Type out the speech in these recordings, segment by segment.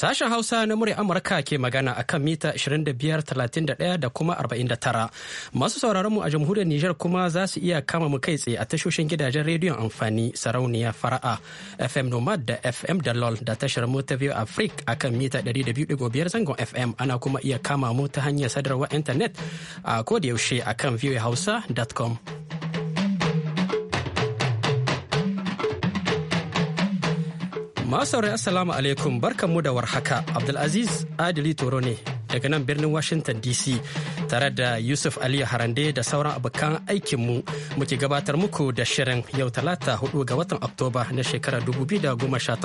Sashen Hausa na murya Amurka ke magana a kan mita 25,31 da kuma 49. Masu sauraron mu a jamhuriyar Nijar kuma za su iya kama mu kai tsaye a tashoshin gidajen rediyon amfani sarauniya fara'a FM Nomad da FM lol da tashar mota View Afrik a kan mita 200.5 zangon FM ana kuma iya kama mu ta hanyar sadarwa intanet a kodayaushe a kan viewhausa.com. Masu assalamu alaikum barkanmu da warhaka Abdulaziz Adili Toro ne daga nan birnin Washington DC tare da Yusuf Aliyu Harande da sauran abokan aikinmu muke gabatar muku da shirin yau talata 4 ga watan Oktoba na shekarar 2018.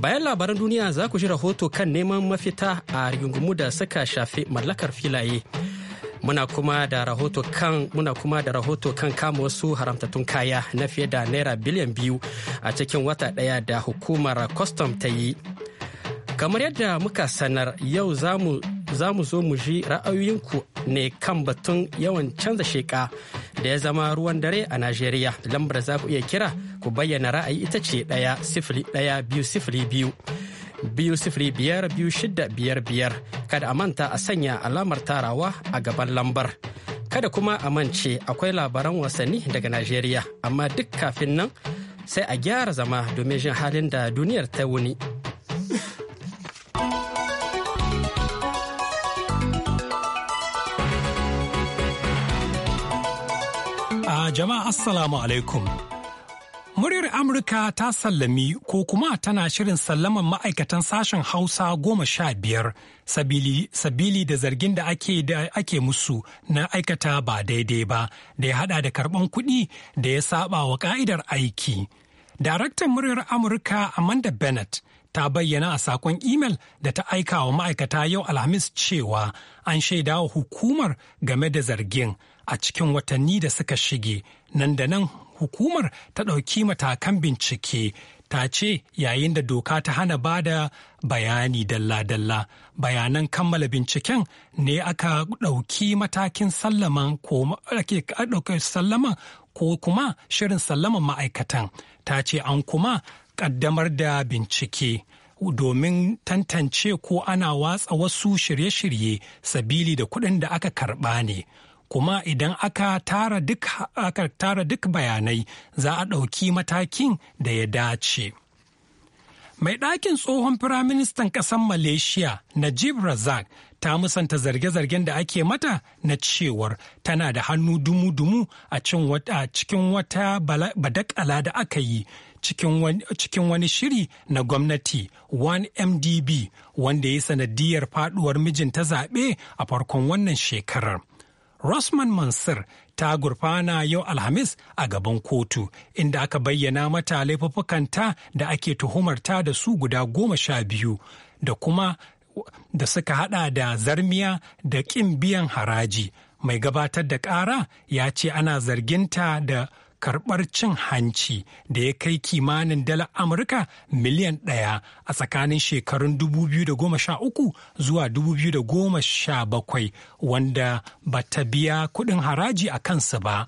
bayan labaran duniya za ku shi rahoto kan neman mafita a rigungumu da suka shafi mallakar filaye muna kuma da rahoto kan muna kuma da rahoto kan kama wasu haramtattun kaya na fiye da naira biliyan biyu a cikin wata ɗaya da hukumar kwastam ta yi kamar yadda muka sanar yau za mu zo mu ji ra'ayoyinku ne kan batun yawan canza sheka da ya zama ruwan dare a najeriya lambar za ku iya kira ku bayyana ra'ayi ita ce ɗaya sifili ɗaya biyu sifili biyu biyu sifili biyar kada a manta a sanya alamar tarawa a gaban lambar kada kuma a mance akwai labaran wasanni daga najeriya amma duk kafin nan sai a gyara zama domin jin halin da duniyar ta wuni jama'a assalamu alaikum Muryar Amurka ta sallami ko kuma tana shirin sallaman ma'aikatan sashen Hausa goma sha biyar sabili, sabili da zargin da ake, da ake musu na aikata ba daidai ba da ya hada da karban kuɗi da ya saba wa ka'idar aiki. Daraktan muryar Amurka Amanda Bennett ta bayyana a sakon imel da ta aika wa ma'aikata yau Alhamis cewa an shaida wa hukumar game da zargin a cikin watanni da suka shige nan da nan hukumar ta ɗauki matakan bincike ta ce yayin da doka ta hana ba da bayani dalla-dalla bayanan kammala binciken ne aka ɗauki matakin sallaman ko ake sallaman ko kuma shirin sallaman ma'aikatan ta ce an kuma ƙaddamar da bincike domin tantance ko ana watsa wasu shirye-shirye sabili da kuɗin da aka karɓa ne kuma idan aka tara duk aka tara duk bayanai za a ɗauki matakin da ya dace. Mai ɗakin tsohon firaministan ƙasar Malaysia Najib Razak ta musanta zarge-zargen da ake mata na cewar tana da hannu dumu-dumu a cikin wata badakala da aka yi cikin wani shiri na gwamnati 1MDB wanda ya sanadiyar faduwar mijinta zaɓe a farkon wannan shekarar. Rosman Mansur ta gurfana yau Alhamis a gaban kotu inda aka bayyana mata laifuffukanta da ake tuhumarta da su guda goma sha biyu da kuma da suka hada da zarmiya da ƙin biyan haraji. Mai gabatar da ƙara ya ce ana zarginta da karɓar cin hanci da ya kai kimanin dala Amurka miliyan ɗaya a tsakanin shekarun 2013 zuwa 2017 wanda ba ta biya kuɗin haraji a kansa ba.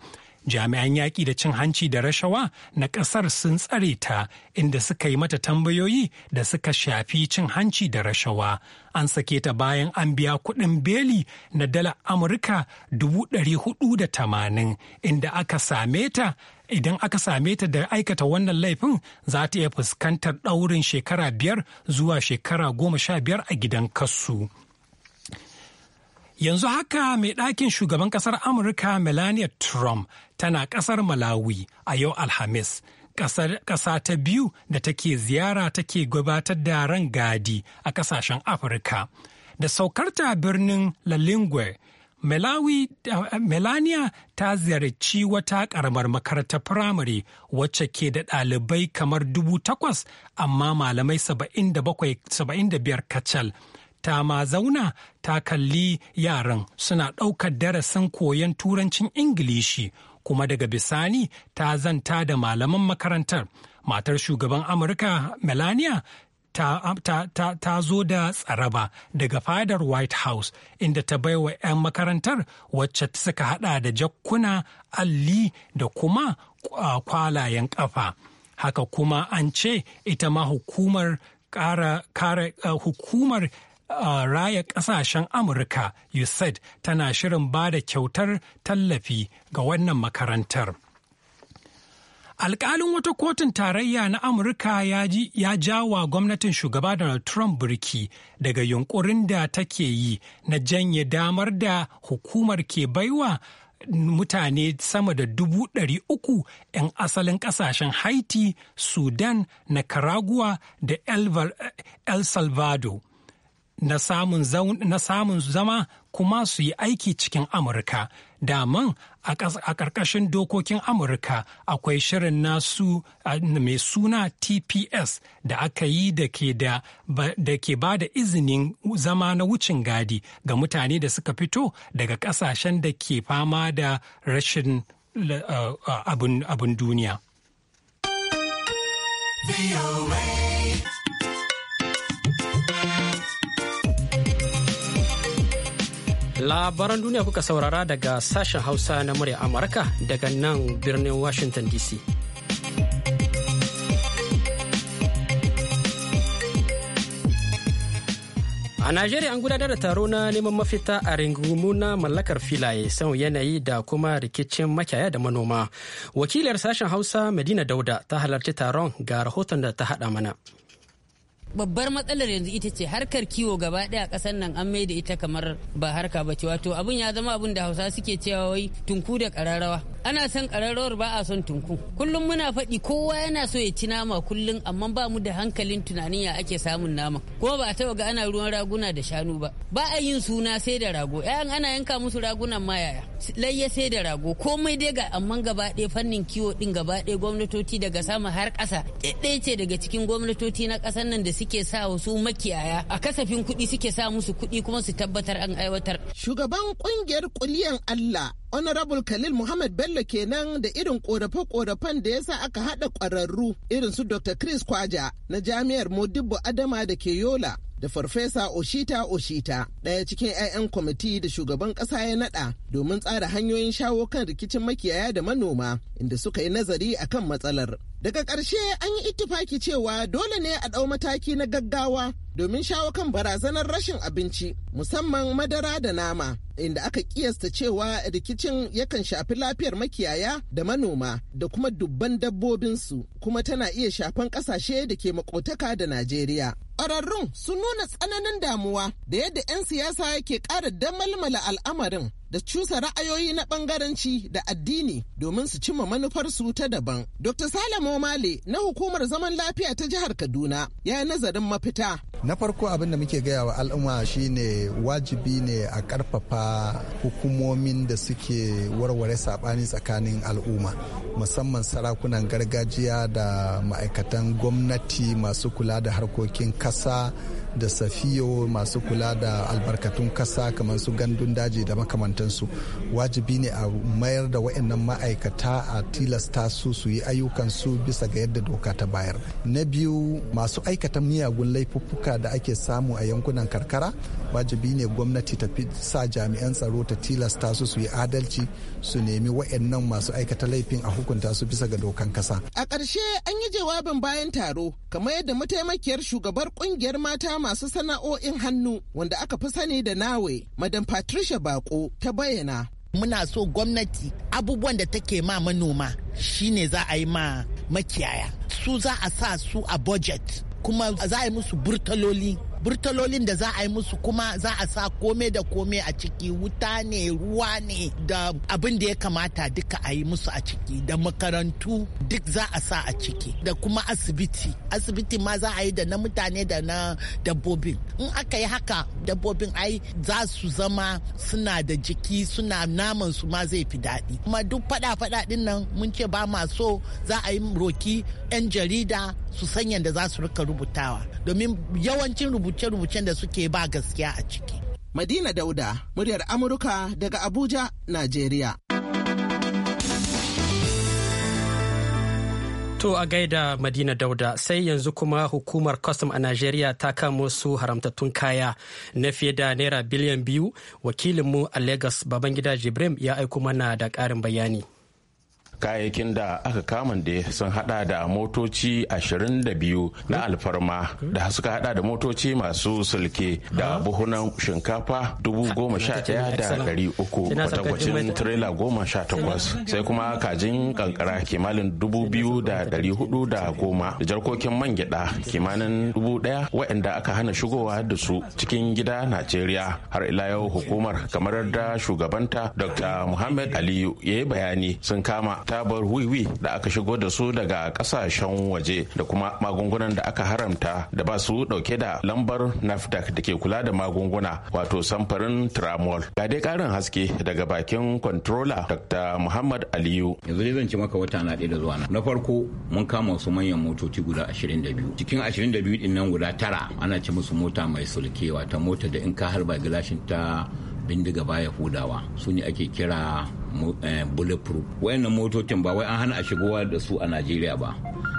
jami'an yaƙi da cin hanci da rashawa na ƙasar sun tsare ta inda suka yi mata tambayoyi da suka shafi cin hanci da rashawa an sake ta bayan an biya kuɗin beli na dala amurka tamanin, inda aka same ta idan aka same ta da aikata wannan laifin za ta iya fuskantar ɗaurin shekara biyar zuwa shekara goma sha biyar a gidan kasu. Yanzu haka mai ɗakin shugaban ƙasar Amurka Melania Trump tana ƙasar Malawi a yau Alhamis. Ƙasa ta biyu da take ziyara take gabatar da gadi a ƙasashen Afirka. Da saukarta birnin Lalingwe, Melania ta ziyarci wata ƙaramar makarantar firamare wacce ke da ɗalibai kamar dubu takwas amma malamai saba'in da biyar kacal ta ma zauna ta kalli yaran suna ɗaukar darasin koyon turancin ingilishi kuma daga bisani ta zanta da malaman makarantar matar shugaban amurka melania ta, ta, ta, ta zo da tsaraba daga fadar white house inda ta baiwa 'yan makarantar wacce suka hada da jakkuna alli da kuma kwalayen kafa haka kuma an ce ita ma hukumar kara, kara uh, hukumar a raya ƙasashen Amurka USAID tana shirin ba da kyautar tallafi ga wannan makarantar. Alƙalin wata kotun tarayya na Amurka ya jawa gwamnatin shugaba Donald Trump birki daga yunkurin da take yi na janye damar da hukumar ke baiwa mutane sama da dubu ɗari uku 'yan asalin ƙasashen Haiti, Sudan, Nicaragua da El Salvador na samun zama kuma su yi aiki cikin Amurka. Daman a ƙarƙashin dokokin Amurka akwai shirin nasu mai suna TPS da aka yi da ke ba da izinin zama na wucin gadi ga mutane da suka fito daga ƙasashen da ke fama da rashin abin duniya. Labaran duniya kuka saurara daga sashen Hausa na murya Amurka daga nan birnin Washington DC. A Najeriya an gudanar da taro na neman mafita a ringumu na mallakar filaye san yanayi da kuma rikicin makyaya da manoma. Wakilar sashen Hausa Madina Dauda ta halarci taron ga rahoton da ta haɗa mana. babbar matsalar yanzu ita ce harkar kiwo gaba daya kasar nan an mai da ita kamar ba harka ba ce wato abun ya zama abun da hausa suke cewa wai tunku da kararrawa ana son kararrawar ba a son tunku kullum muna faɗi kowa yana so ya ci nama kullum amma ba mu da hankalin tunanin ya ake samun nama kuma ba a taɓa ga ana ruwan raguna da shanu ba ba a yin suna sai da rago yayan ana yanka musu ragunan ma yaya layya sai da rago komai dai ga amma gaba ɗaya fannin kiwo ɗin gaba ɗaya gwamnatoci daga sama har ƙasa ɗaya ce daga cikin gwamnatoci na ƙasar nan da suke sa wasu makiyaya a kasafin kuɗi suke sa musu kuɗi kuma su tabbatar an aiwatar. Shugaban ƙungiyar ƙuliyan Allah Honorable Khalil Muhammad Bello Bello kenan da irin korafe-korafen da ya sa aka haɗa ƙwararru irin su Dr. Chris Kwaja na Jami'ar Modibbo Adama da ke Yola. da farfesa oshita oshita ɗaya cikin 'ya'yan kwamiti da shugaban ƙasa ya naɗa domin tsara hanyoyin shawo kan rikicin makiyaya da manoma inda suka yi nazari a kan matsalar daga ƙarshe an yi ittifaki cewa dole ne a ɗau mataki na gaggawa domin shawo kan barazanar rashin abinci musamman madara da nama inda aka kiyasta cewa rikicin yakan shafi lafiyar makiyaya da manoma da kuma dubban dabbobinsu kuma tana iya shafan kasashe da ke makotaka da najeriya Ƙwararrun sun nuna tsananin damuwa da yadda 'yan siyasa ke ƙara damalmala al'amarin da cusa ra'ayoyi na ɓangaranci da addini domin su cimma manufarsu ta daban. Dr. Salamo Male na hukumar zaman lafiya ta jihar Kaduna ya yi nazarin mafita. Na farko abin da muke gaya wa al'umma shine wajibi ne a ƙarfafa hukumomin da suke warware saɓani tsakanin al'umma musamman sarakunan gargajiya da ma'aikatan gwamnati masu kula da harkokin kasa da safiyo masu kula da albarkatun kasa kamar su gandun daji da makamantansu wajibi ne a mayar da waɗannan ma'aikata a tilasta su su yi ayyukansu bisa ga yadda doka ta bayar na biyu masu aikata miyagun laifuffuka da ake samu a yankunan karkara wajibi ne gwamnati ta fi sa jami'an tsaro ta tilasta su su yi adalci su nemi wa'annan masu aikata laifin a hukunta su bisa ga dokan kasa a ƙarshe an yi jawabin bayan taro kamar yadda mataimakiyar shugabar kungiyar mata masu sana'o'in hannu wanda aka fi sani da nawe madam patricia bako ta bayyana muna so gwamnati abubuwan da take ma manoma shine za a yi ma makiyaya su za a sa su a budget kuma za a yi musu burtaloli burtalolin da za a yi musu kuma za a sa kome da kome a ciki wuta ne ruwa ne da abin da ya kamata duka a yi musu a ciki da makarantu duk za a sa a ciki da kuma asibiti asibiti ma za a yi da na mutane da na dabbobin in aka yi haka dabbobin ai za su zama suna da jiki suna naman su ma zai fi daɗi kuma duk faɗa-faɗa ɗin nan mun ce ba ma so za a yi roki 'yan jarida su sanya da za su rika rubutawa domin yawancin rubutu rubuce-rubucen da suke ba gaskiya a ciki. Madina Dauda, muryar Amurka daga Abuja, Najeriya. To a gaida Madina Dauda sai yanzu kuma hukumar custom a Najeriya ta kama su haramtattun kaya na fiye da naira biliyan biyu wakilinmu a Lagos Babangida Jibrim ya aiko mana da ƙarin bayani. kayayyakin da aka kaman da sun hada da motoci 22 na alfarma da suka hada da motoci masu sulke da ah. buhunan shinkafa 11,300 kwatakwacin tirela 18 sai kuma kajin kankara kimanin 2,410 da jarkokin man gyada kimanin 1,000 waɗanda aka hana shigowa da su cikin gida najeriya har ila yau hukumar kamar da shugabanta dr muhammad aliyu ya yi bayani sun kama tabar wiwi da aka shigo da su daga kasashen waje da kuma magungunan da aka haramta da ba su dauke da lambar nafdac da ke kula da magunguna wato samfarin tramol ga dai karin haske daga bakin controller dr muhammad aliyu yanzu dai zan ci maka wata na da zuwa na farko mun kama su manyan motoci guda 22 cikin 22 din nan guda tara ana ci musu mota mai sulkewa ta mota da in ka harba gilashin ta bindiga baya hudawa su ne ake kira Eh, bulletproof wayannan motocin ba wai an hana a shigowa da su a najeriya ba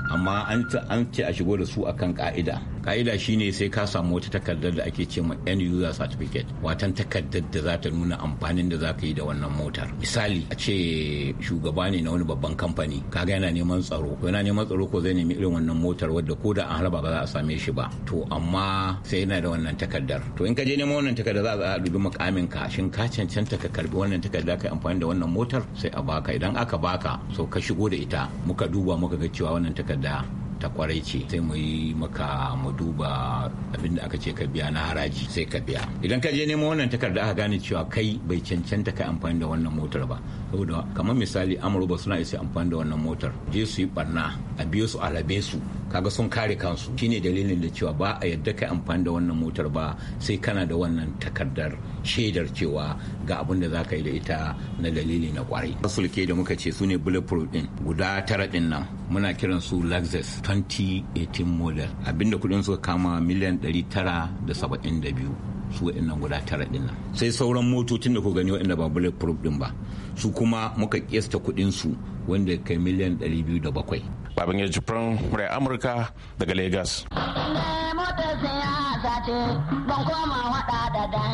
amma an ce a shigo da su akan ka'ida ka'ida shine sai ka samu wata takardar da ake ce ma end user certificate watan takardar da za ta nuna amfanin da za ka yi da wannan motar misali a ce shugaba ne na wani babban kamfani kaga yana neman tsaro ko yana neman tsaro ko zai nemi irin wannan motar wadda ko da an harba ba za a same shi ba to amma sai yana da wannan takardar to in ka je neman wannan takardar za a dubi makamin ka shin ka cancanta ka karbi wannan takardar ka amfani da wannan motar sai a baka idan aka baka so ka shigo da ita muka duba muka ga cewa wannan takarda ta kwarai ce sai mu yi maka mu duba abin da aka ce ka biya na haraji sai ka biya idan ka je nemo wannan takarda aka gane cewa kai bai cancanta kai amfani da wannan motar ba saboda kamar misali amurba suna isa amfani da wannan motar je su yi barna a biyo su a rabe su kaga sun kare kansu shine dalilin da cewa ba a yadda kai amfani da wannan motar ba sai kana da wannan takardar shaidar cewa ga abin da za ka yi da ita na dalili na kwarai sulke da muka ce su ne bulletproof din guda tara din nan muna kiran su lexus 2018 model abinda kudin suka kama miliyan 972 su waɗannan guda tara ɗin nan sai sauran motocin da ku gani waɗanda ba bullet proof ɗin ba su kuma muka kiyasta kuɗin su wanda kai miliyan biyu da bakwai. babin ya furen murai amurka daga lagos koma waɗa da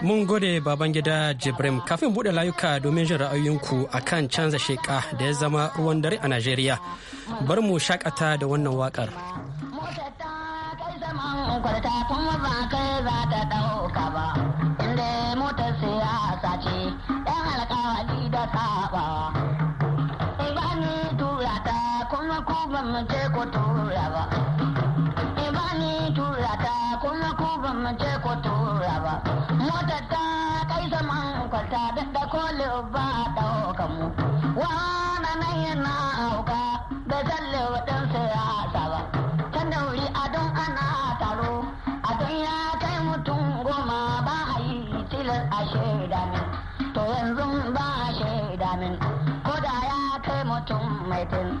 Mun gode babangida Jibrim kafin buɗe layuka domin jin ra'ayoyinku a kan canza sheka da ya zama ruwan dare a Najeriya. bar mu shakata da wannan wakar. Mota ta kwata da koli ba a ɗauka mu. Wana nan yana auka da zalle ba siyasa ba. Ta a don ana taro, a don ya kai mutum goma ba a yi tilas a shaida min. To yanzu ba a shaida min, ko da ya kai mutum mai tin.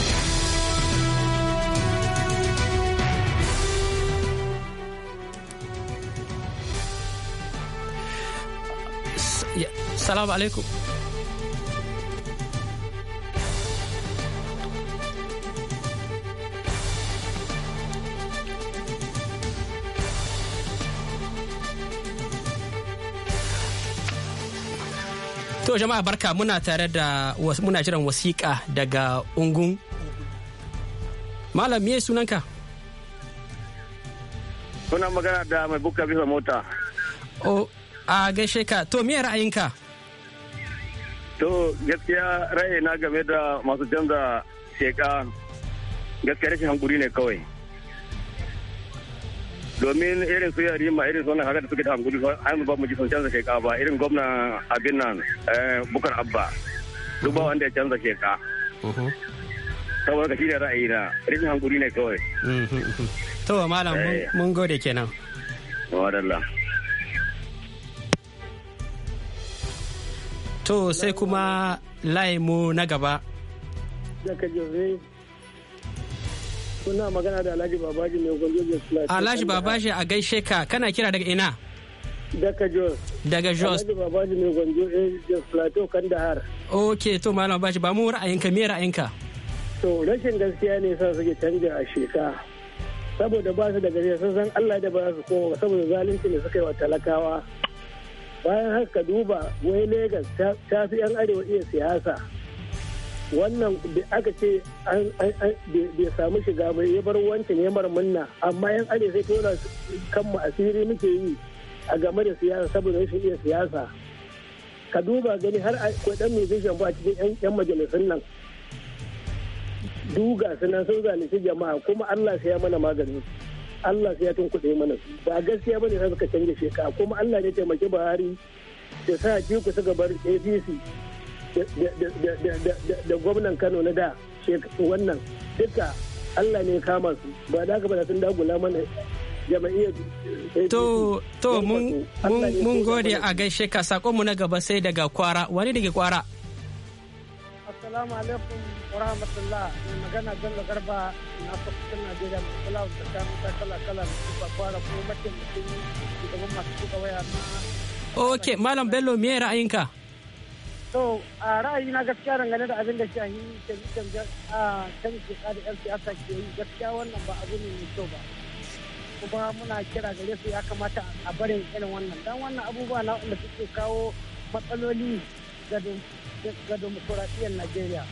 Salamu alaikum. To jama'a barka muna tare da muna jiran wasiƙa daga ungun. Malam me sunanka? Suna magana da mai buka bisa mota. a gaishe ka to me ra'ayinka to gaskiya na game da masu canza sheka gaskiya rashin hankuri ne kawai domin irin su yari ma irin sunan haka da suke da hankuri mu ba mu ji sun canza sheka ba irin gwamna abin nan eh, bukar abba duk ba wanda ya canza sheka saboda ka shine na rashin hankuri ne kawai mhm, mhm, mhm. to malam mun eh. gode kenan to sai kuma laimu na gaba magana da alhaji babaji a gaishe ka kana kira daga ina daga jos daga jos alhaji babaji mai gwanjo eh, jos plateau kandahar ok to malam babaji ba mu ra'ayinka me ra'ayinka to rashin gaskiya ne sa suke canja a sheka saboda ba su da gaskiya sun san allah da ba su koma saboda zalunci ne suka yi wa talakawa bayan haka duba wai Legas ta fi 'yan arewa iya siyasa wannan da aka ce bai samu shiga mai ya bar wancan ya murna amma yan arewa sai tona kanmu asiri muke yi a game da siyasa saboda rashin iya siyasa ka duba gani har akwai dan musician ba a cikin yan majalisun nan duga sunan sun zalunci jama'a kuma allah sai ya mana magani Allah sai ya tunkuɗe mana su ba gaskiya bane za suka canja sheka kuma Allah ne taimaki Buhari da sa ji ku suka bar APC da gwamnan Kano na da wannan duka Allah ne kama su ba da haka ba sun dagula mana To, to mun gode a gaishe ka, sakonmu na gaba sai daga kwara, wani daga kwara? Assalamu alaikum wa rahmatullah mai magana Bello Garba na kwakwakin Najeriya mai kula da tsakanin kala-kala da suka fara kuma mataimakin shugaban masu suka waya na. Ok, Malam Bello me ra'ayinka? To, a ra'ayi na gaskiya dangane da abin da shi shahi canje-canje a kan ke da 'yan siyasa ke yi gaskiya wannan ba abu ne mai kyau ba. kuma muna kira gare su ya kamata a barin irin wannan dan wannan abubuwa na wanda suke kawo matsaloli ga ga demokuraɗiyyar Najeriya.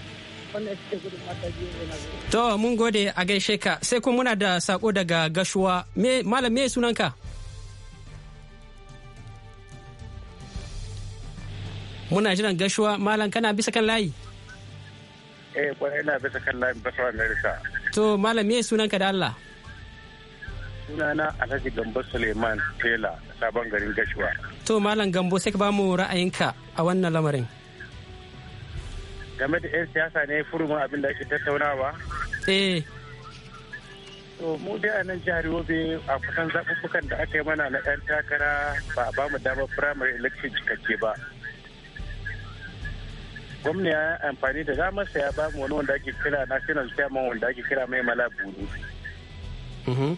To mun gode a gaishe ka sai kuma muna da sako daga gashuwa. Malam me sunanka? Muna jiran gashuwa malam kana bisa kan layi? Eh kwarai na bisa kan layi bisa Amerika. To malam me sunanka da Allah? sunana Alhaji Gambo Suleiman Taylor sabon garin Gashuwa. To Malam Gambo sai ka ba mu ra'ayinka a wannan lamarin. game da 'yan siyasa ne furuma abin da ake tattaunawa? Eh. To mu dai a nan jihar Yobe a kusan zaɓuɓɓukan da aka yi mana na 'yan takara ba a bamu damar primary election cikakke ba. Gwamna ya amfani da damarsa ya bamu wani wanda ake kira na zuciya chairman wanda ake kira mai malaburu. Mhm.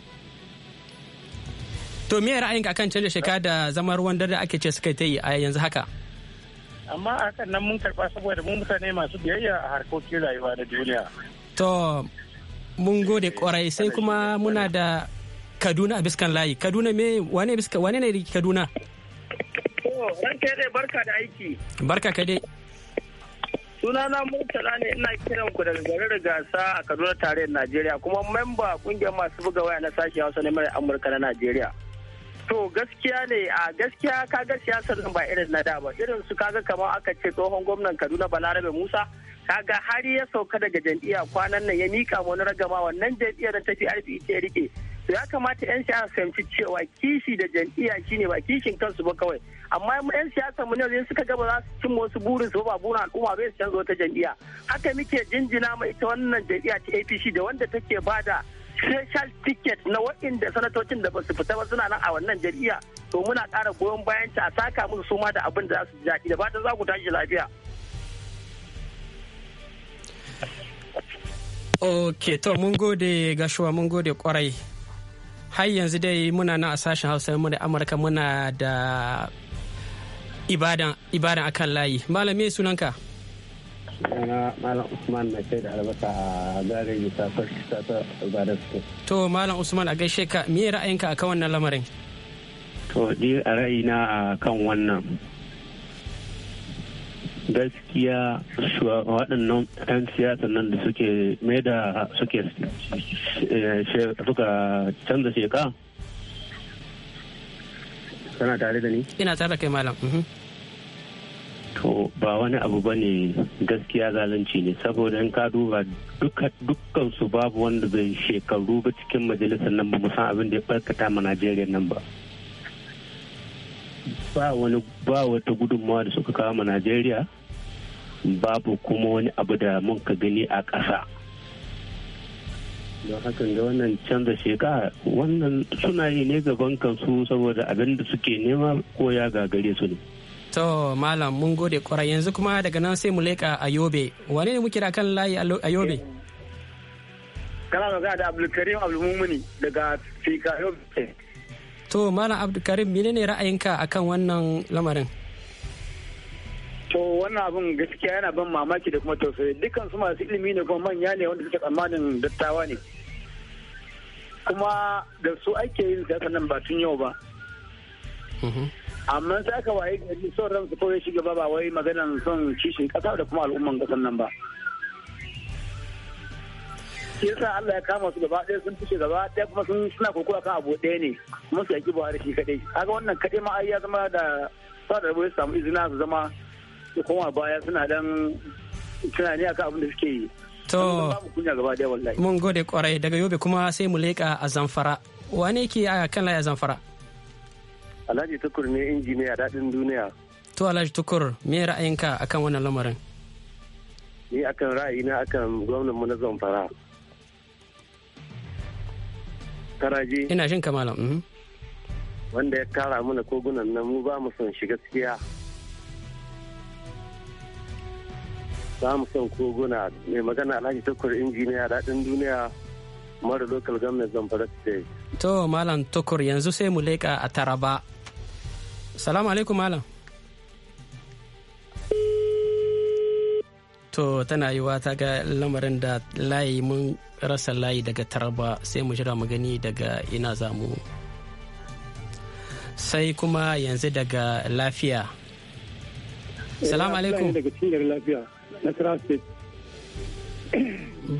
To me ra'ayinka akan canza shekara da zamar wanda da ake ce suka ta yi a yanzu haka? amma a kan nan mun karba saboda mun mutane masu biyayya a harkokin rayuwa na duniya to mun gode kwarai sai kuma muna da kaduna a biskan layi kaduna me wane biska wane ne kaduna ranke dai barka da aiki barka ka dai sunana murtala ne ina kiran ku daga garin gasa a kaduna tarayyar najeriya kuma memba kungiyar masu buga waya na sashi hausa na amurka na najeriya to gaskiya ne a gaskiya kaga siyasar nan ba irin na da ba irin su kaga kamar aka ce tsohon gwamnan kaduna balarabe musa kaga har ya sauka daga jam'iyya kwanan nan ya mika wani ragama wannan jam'iyyar ta tafi arziki ta rike to ya kamata 'yan siyasa fahimci cewa kishi da jam'iyya shine ba kishin kansu ba kawai amma 'yan siyasa mu ne suka gaba za su cimma wasu burin su ba burin al'umma bai su canza wata jam'iyya haka muke jinjina ma ita wannan jam'iyya ta APC da wanda take bada special ticket na waɗanda sanatocin da basu su fita ba suna nan a wannan jam'iyya to muna ƙara goyon bayan ta a saka musu suma da abin da za su ji da fatan za ku tashi lafiya. Ok, to mun gode gashuwa mun gode kwarai. Har yanzu dai muna nan a sashen Hausa mu da Amurka muna da ibadan akan layi. malami sunanka? Malam Usman To Malam Usman a gaishe ka me ra'ayinka kan wannan lamarin? To ni a ra'ayina a kan wannan. gaskiya waɗannan 'yan siyasa nan da suke mai da suke eh, suka canza sheka? Kana tare da ni? Ina tare da kai malam. Mhm. to ba wani abu ba ne gaskiya zalunci ne saboda in ka duba dukkan su babu wanda zai shekaru ba cikin majalisar nan ba mu abin da ya barkata ma najeriya nan ba ba wani ba wata gudunmawa da suka kawo ma najeriya babu kuma wani abu da mun ka gani a ƙasa don hakan ga wannan canza shekara wannan suna yi ne gaban kansu saboda abin da suke nema ko ya gagare su ne To malam mun gode kwarai yanzu kuma daga nan sai mu leƙa a Yobe. Wane ne muke da kan layi a Yobe? Kana magana da Abdulkarim Abdulmumuni daga Fika Yobe. To malam Abdulkarim mene ne ra'ayinka akan wannan lamarin? To wannan abin gaskiya yana ban mamaki da kuma tausayi dukkan su masu ilimi ne kuma manya ne wanda suke tsammanin dattawa ne. Kuma da su ake yin siyasa nan ba tun yau ba. Mhm. amma sai aka waye gari son ransu kawai shi gaba ba wai maganan son kishin kasa da kuma al'umman kasan nan ba shi yasa Allah ya kama su gaba ɗaya sun fice gaba ɗaya kuma sun suna kokowa kan abu ɗaya ne kuma su yaki Buhari shi kaɗai kaga wannan kaɗai ma ai ya zama da sa da rabo samu izina su zama su koma baya suna dan tunani akan abin da suke yi to mun gode kwarai daga yobe kuma sai mu leƙa a zamfara wane ke a kan laya zamfara Alhaji Tukur ne injiniya daɗin duniya. To Alhaji Tukur, me ra'ayinka akan wannan lamarin? Ni akan ra'ayina akan gwamnan mu na Zamfara. Karaji. Ina jin kamala. Mhm. Wanda ya kara mana kogunan nan mu ba mu son shi gaskiya. Ba mu son koguna mai magana Alhaji Tukur injiniya daɗin duniya mara local government Zamfara state. To Malam Tukur yanzu sai mu leƙa a Taraba. salamu alaikum malam to tana yiwa ta ga lamarin da layi mun rasa layi daga taraba sai mu jira mu gani daga ina zamu sai kuma yanzu daga lafiya salamu alaikum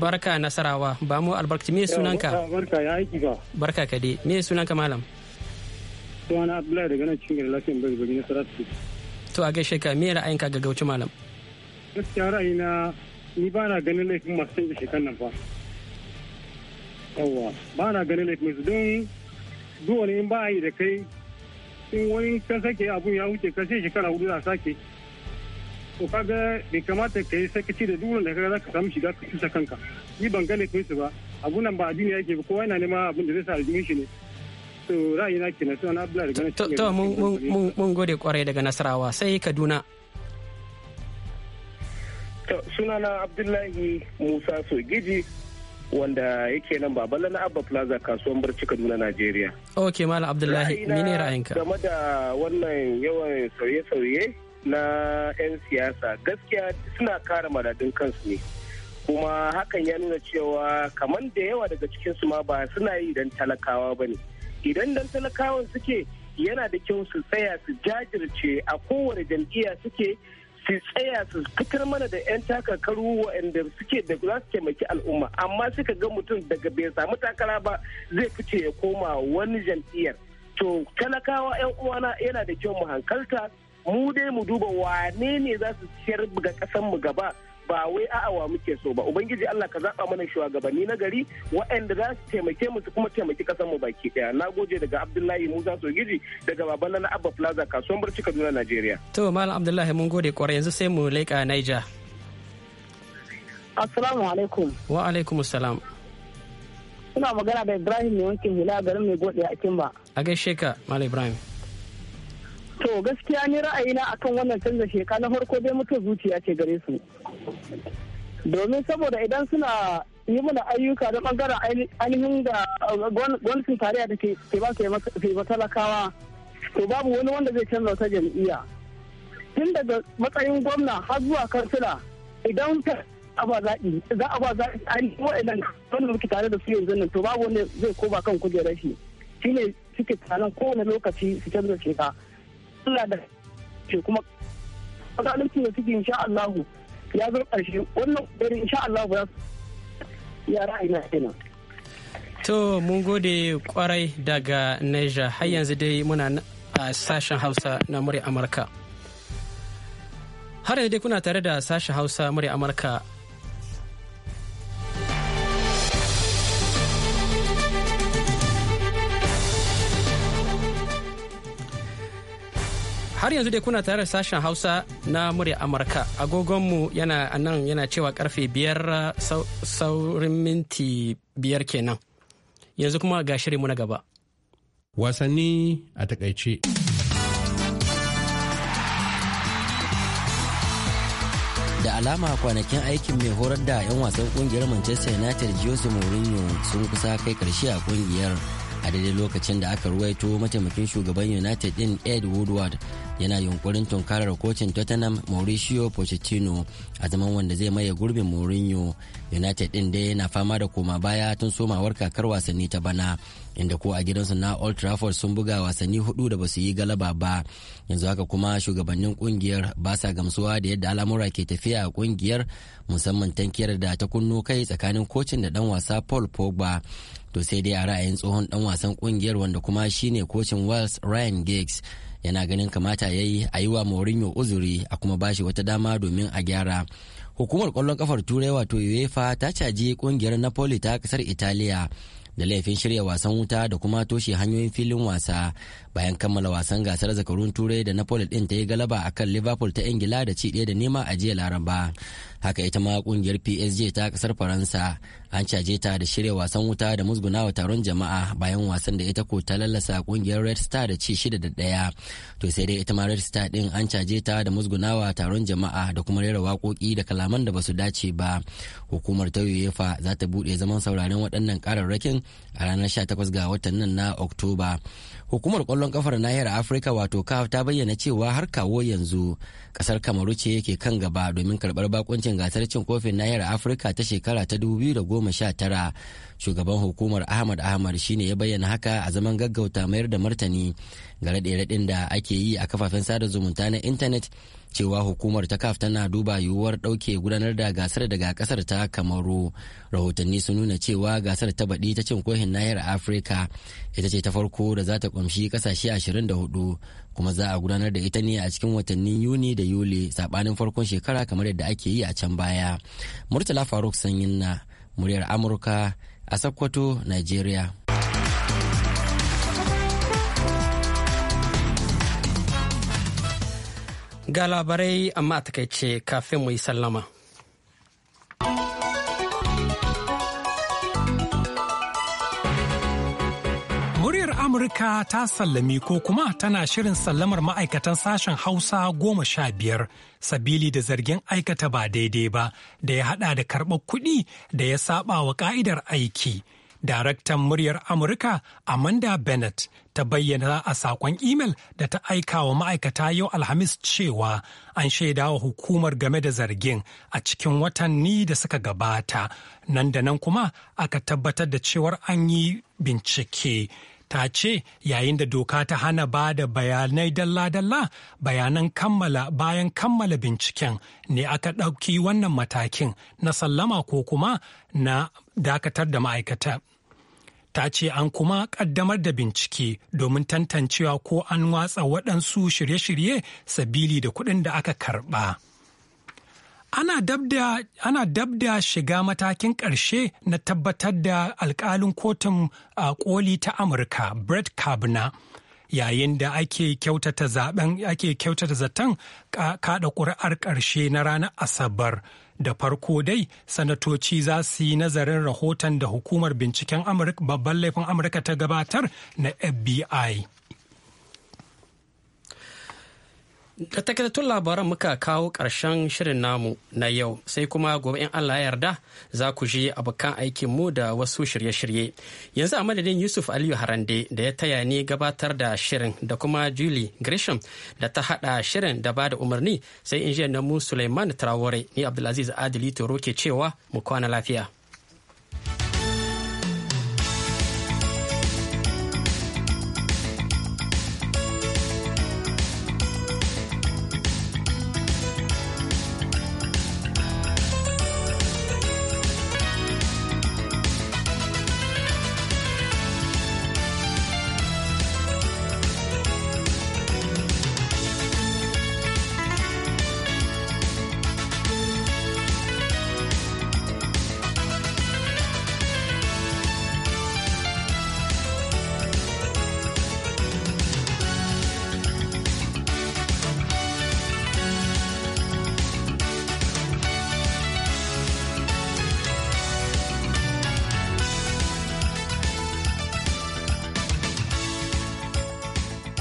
barka nasarawa ba mu albarkaci me sunanka barka ya aiki ba barka ka dai me sunanka malam Suna Abdullahi daga nan cikin lafiyan bai zubi na Saratu. To a gaishe ka me ka ga Gauci Malam? Gaskiya na ni ba na ganin laifin masu canza shekan nan fa. Yawwa ba na ganin laifin su don dole in ba a yi da kai in wani kan sake abun ya wuce kan sai shekara hudu za sake. to kaga bai kamata ka yi sakaci da duran da ka za ka samu shiga ka kusa kanka ni ban ganin kai su ba abunan ba addini yake ba kowa yana nema abin da zai sa aljihun shi ne so ra'ayina to mun gode kwarai daga nasarawa sai kaduna to sunana abdullahi musa sogiji wanda yake nan babala na abba plaza kasuwan barci kaduna najeriya ok mala abdullahi mene ra'ayinka game da wannan yawan sauye-sauye na 'yan siyasa gaskiya suna kara maradin kansu ne kuma hakan ya nuna cewa kamar da yawa daga cikinsu ma ba suna yi don talakawa ba ne idan dan talakawan suke yana da kyau su tsaya su jajirce a kowane jam'iyya suke su tsaya su fitar mana da 'yan takakaru waɗanda suke da za su taimaki al'umma amma suka ga mutum daga bai samu takara ba zai fice ya koma wani jam'iyyar to talakawa 'yan uwana yana da kyau mu hankalta mu dai mu duba wane ne za su ciyar ga ƙasar gaba ba wai a'a wa muke so ba ubangiji Allah ka zaba mana shugabanni na gari waɗanda za su taimake mu su kuma taimaki kasar mu baki daya na goje daga Abdullahi Musa Sogiji daga baban na Abba Plaza kasuwan Barci Kaduna Najeriya to malam Abdullahi mun gode kwarai yanzu sai mu leƙa Niger Assalamu alaikum wa alaikum assalam Ina magana da Ibrahim ne wankin hula garin mai gode a Kimba a gaishe ka Malam Ibrahim To gaskiya ni ra'ayina akan wannan canza sheka na farko dai mutum zuciya ce gare su. Domin saboda idan suna yi mana ayyuka da bangaren ainihin da uh, gwamnatin tarayya da ke ba su yi matalakawa to babu wani wanda zai canza ta jam'iyya. Tun daga matsayin gwamna har zuwa kansila idan ta aba zaɓi za a ba zaɓi ainihin waɗannan wanda muke tare da su yanzu nan to babu wanda zai koba kan kujerar shi shine suke tsanan kowane lokaci su canza sheka. Allah da ke kuma zalunci da suke insha Allah ya zo ƙarshe wannan dare insha Allah ya ya ra'ayina ina. to mun gode kwarai daga Niger har yanzu dai muna a sashen Hausa na murya Amurka har yanzu dai kuna tare da sashen Hausa murya Amurka har yanzu dai kuna tare da sashen hausa na murya amurka agogonmu yana nan yana cewa karfe biyar saurin minti biyar kenan yanzu kuma ga shirinmu na gaba wasanni a takaice da alama kwanakin aikin mai horar da 'yan wasan kungiyar manchester united jose mourinho sun kusa kai karshe a kungiyar a daidai lokacin da aka ruwaito mataimakin shugaban united din ed woodward yana yunkurin tunkarar kocin tottenham mauricio pochettino a zaman wanda zai maye gurbin mourinho united din dai yana fama da koma baya tun somawar kakar wasanni ta bana inda ko a gidansu na old trafford sun buga wasanni hudu da basu yi galaba ba yanzu haka kuma shugabannin kungiyar ba sa gamsuwa da yadda al'amura ke tafiya a kungiyar musamman tankiyar da ta kunno kai tsakanin kocin da dan wasa paul pogba to sai dai a ra'ayin tsohon dan wasan kungiyar wanda kuma shine kocin wales ryan giggs yana ganin kamata ya yi a yi wa Mourinho uzuri a kuma bashi wata dama domin a gyara. Hukumar ƙwallon kafar Turai wato UEFA ta caji ƙungiyar Napoli ta ƙasar Italiya da laifin shirya wasan wuta da kuma toshe hanyoyin filin wasa bayan kammala wasan gasar zakarun turai da napoli din ta yi galaba a kan liverpool ta ingila da ci ɗaya da nema a jiya laraba haka ita ma ƙungiyar psg ta ƙasar faransa an caje ta da shirya wasan wuta da musgunawa taron jama'a bayan wasan da ita ko ta lallasa kungiyar red star da ci shida da ɗaya to sai dai ita ma red star din an caje ta da musgunawa taron jama'a da kuma rera waƙoƙi da kalaman da basu dace ba hukumar ta uefa za ta buɗe zaman sauraron waɗannan ƙararrakin a ranar 18 ga watan nan na oktoba hukumar kwallon kafar nahiyar afirka wato caf ta bayyana cewa har kawo yanzu kasar kamaru ce yake kan gaba domin karbar bakuncin gasar cin kofin nahiyar afirka ta shekara ta 2019 shugaban hukumar ahmad ahmad shine ya bayyana haka a zaman gaggauta mayar da martani ga raɗe-raɗin da ake yi a kafafen sada zumunta na intanet cewa hukumar ta kaf tana duba yiwuwar ɗauke gudanar da gasar daga ƙasar ta kamaru rahotanni sun nuna cewa gasar ta baɗi ta cin kohin nahiyar afirka ita ce ta farko da za ta ƙunshi ƙasashe hudu kuma za a gudanar da ita ne a cikin watannin yuni da yuli saɓanin farkon shekara kamar yadda ake yi a can baya murtala faruk sanyin na muryar amurka a Sokoto, Nigeria. Ga labarai amma a takaice kafin mu yi sallama. Amurka ta sallami ko kuma tana shirin sallamar ma'aikatan sashen Hausa goma sha biyar sabili da zargin aikata ba daidai ba da ya hada da karɓar kuɗi da ya saba wa ka'idar aiki. Daraktan muryar Amurka Amanda Bennett ta bayyana a saƙon imel da ta aika wa ma'aikata yau Alhamis cewa an shaida wa hukumar game da zargin a cikin watanni da suka gabata. Nan da nan kuma aka tabbatar da cewar an yi bincike. ta ce yayin da doka ta hana ba da bayanai dalla-dalla bayanan kammala bayan kammala binciken ne aka ɗauki wannan matakin na sallama ko kuma na dakatar da ma'aikata. ta ce an kuma ƙaddamar da bincike domin tantancewa ko an watsa waɗansu shirye-shirye sabili da kuɗin da aka karɓa. ana dab da shiga matakin ƙarshe na tabbatar da alƙalin kotun a koli ta amurka brett kavanaugh yayin da ake kyautata zaben ake kyautata zaton kaɗa ƙuri'ar ƙarshe na ranar asabar da farko dai sanatoci za su yi nazarin rahoton da hukumar binciken babban laifin amurka ta gabatar na fbi takaitattun labaran muka kawo ƙarshen shirin namu na yau sai kuma gobe in Allah ya yarda za ku je abokan mu da wasu shirye-shirye yanzu a madadin yusuf aliyu harande da ya taya ni gabatar da shirin da kuma julie gresham da ta hada shirin da ba da umarni sai injiniyar namu suleiman traore ni abdulaziz adili toro ke cewa mu kwana lafiya